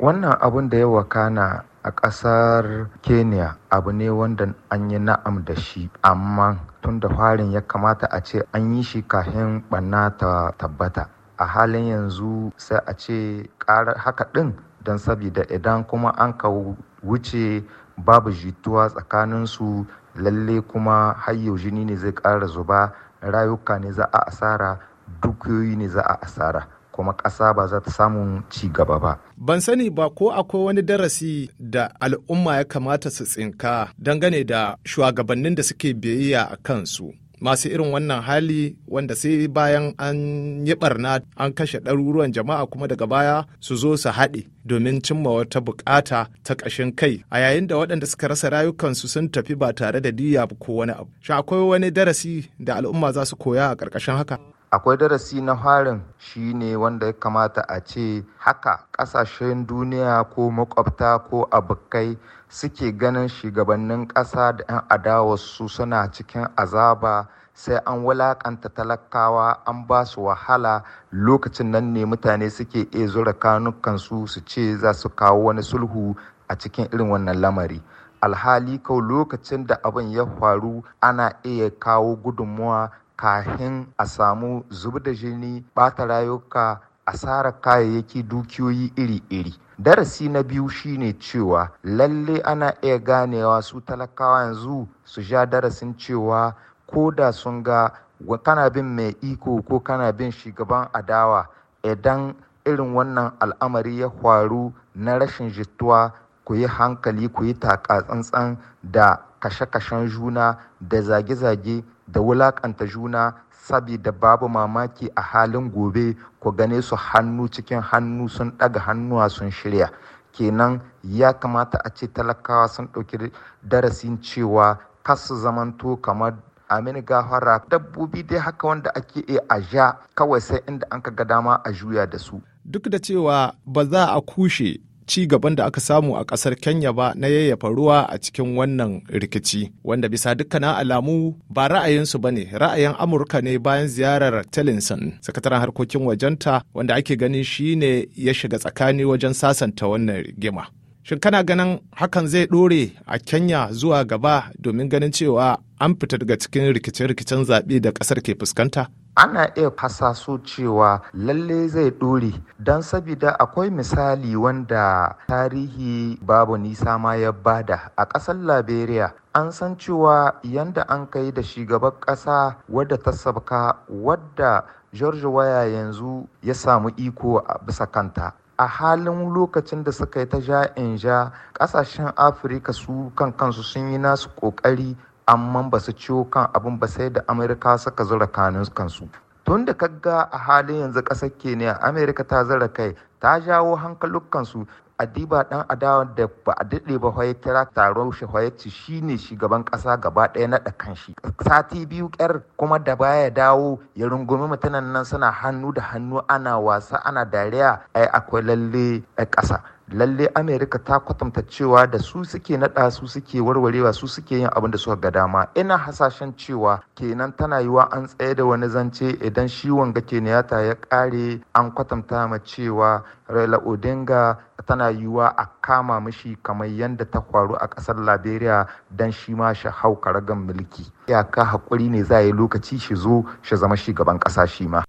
wannan abun da ya wakana a ƙasar kenya abu ne wanda an yi na'am da shi amma tun da farin ya kamata a ce an yi shi kafin ɓanna ta tabbata a halin yanzu sai a ce ƙarar haka ɗin don sabida idan kuma an ka wuce babu jituwa tsakaninsu lalle kuma hayyau jini ne zai ƙara zuba rayuka ne za a asara dukiyoyi ne za a asara kuma ƙasa ba za ta samu ci gaba ba. Ban sani ba ko akwai wani darasi da al'umma ya kamata su tsinka dangane da shugabannin da suke biyayya a kansu. masu irin wannan hali wanda sai bayan an yi barna an kashe ɗaruruwan jama'a kuma daga baya su zo su haɗe domin cimma wata bukata ta ƙashin kai a yayin da waɗanda suka rasa rayukansu sun tafi ba tare da diya ko wani abu shi akwai wani darasi da al'umma za su koya a ƙarƙashin haka akwai darasi na harin shine wanda ya kamata a ce haka kasashen duniya ko makwabta ko abokai suke ganin shugabannin ƙasa da 'yan su suna cikin azaba sai an wulaƙanta talakawa an ba su wahala lokacin nan ne mutane suke iya zura kanukansu su ce za su kawo wani sulhu a cikin irin wannan lamari alhali kau lokacin da abin ya faru ana iya kawo gudunmuwa kahin a samu zub da jini bata rayuka a asarar kayayyaki dukiyoyi iri-iri darasi na biyu shine cewa lalle ana iya ganewa su talakawa yanzu su ja darasin cewa ko da sun ga kana bin mai iko ko kana bin shugaban adawa idan irin wannan al'amari ya faru na rashin jituwa ku yi hankali ku yi taka tsantsan da kashe-kashen juna da zage-zage da wulakanta juna sabida babu mamaki a halin gobe ku gane su hannu cikin hannu sun ɗaga hannuwa sun shirya kenan ya kamata a ce talakawa sun ɗauki darasin cewa kasu zamanto kamar amin gafara dabbobi dai haka wanda ake a ja kawai sai inda an ka ga dama a juya da su duk da cewa ba za a kushe ci gaban da aka samu a kasar Kenya ba na yayyafa ruwa a cikin wannan rikici wanda bisa dukkanin alamu ba ra'ayinsu ba ne ra'ayin Amurka ne bayan ziyarar Tillinson sakataren harkokin wajenta wanda ake ganin shine ya shiga tsakani wajen sasanta wannan rigima. Shin kana ganin hakan zai ɗore a Kenya zuwa gaba domin ganin cewa an fita daga cikin rikice-rikicen zaɓe da ƙasar ke fuskanta? ana iya fasa su cewa lalle zai ɗore don sabida akwai misali wanda tarihi babu nisa ma ya bada a ƙasar liberia an san cewa yadda an kai da shugaban ƙasa wadda ta sabka wadda george waya yanzu ya samu iko a bisa kanta a halin lokacin da suka yi ta ja in ja kasashen afirka su kan kansu sun yi nasu kokari amma ba su ciwo kan abin ba sai da amurka suka zura kanun kansu tun da kaga a halin yanzu ƙasar keniya amurka ta zara kai ta jawo hankalukansu adiba dan adawa da ba a daɗe ba hoye kira taron shi hoye ci shine shugaban ƙasa gaba ɗaya na shi. sati biyu ƙyar kuma da baya dawo ya rungumi mutanen nan suna hannu da hannu ana wasa ana dariya ai akwai lalle ƙasa lalle amerika ta kwatanta cewa da su suke nada su suke warwarewa su suke yin abin da suka ga dama ina hasashen cewa kenan tana yiwa an tsaye da wani zance idan shi wanga kenyatta ya kare an kwatanta ma cewa raila odinga tana yiwa a kama mashi kamar yadda ta faru a kasar liberia don shi ma shi hau karagan mulki iyaka hakuri ne za yi lokaci shi zo shi zama shugaban ƙasa shi ma